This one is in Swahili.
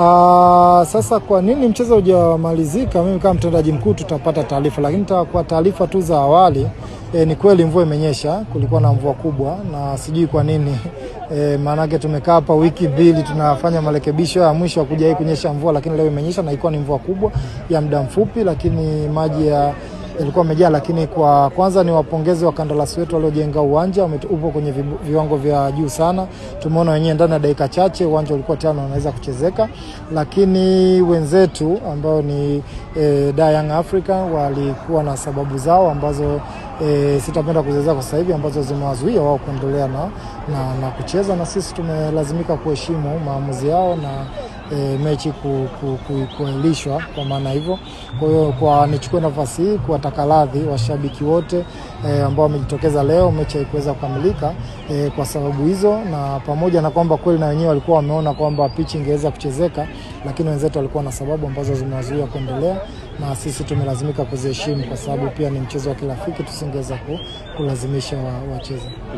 Aa, ah, sasa kwa nini mchezo hujamalizika, mimi kama mtendaji mkuu tutapata taarifa, lakini kwa taarifa tu za awali e, ni kweli mvua imenyesha, kulikuwa na mvua kubwa na sijui kwa nini e, maanake tumekaa hapa wiki mbili tunafanya marekebisho ya mwisho kuja hii kunyesha mvua, lakini leo imenyesha na ilikuwa ni mvua kubwa ya muda mfupi, lakini maji ya ilikuwa imejaa, lakini kwa kwanza ni wapongezi wakandarasi wetu waliojenga uwanja, upo kwenye viwango vya juu sana. Tumeona wenyewe ndani ya dakika chache uwanja ulikuwa tano unaweza kuchezeka, lakini wenzetu ambao ni e, Da Young Africa walikuwa na sababu zao ambazo e, sitapenda kuzieleza kwa sasa hivi ambazo zimewazuia wao kuendelea na, na, na kucheza na sisi tumelazimika kuheshimu maamuzi yao na e, mechi kuahirishwa ku, ku, kwa maana hivyo. Kwa hiyo kwa nichukue nafasi hii kuwataka radhi washabiki wote e, ambao wamejitokeza leo, mechi haikuweza kukamilika e, kwa sababu hizo, na pamoja na kwamba kweli na wenyewe walikuwa wameona kwamba pichi ingeweza kuchezeka, lakini wenzetu walikuwa na sababu ambazo zimewazuia kuendelea, na sisi tumelazimika kuziheshimu kwa sababu pia ni mchezo wa kirafiki, tusingeweza kulazimisha wacheze wa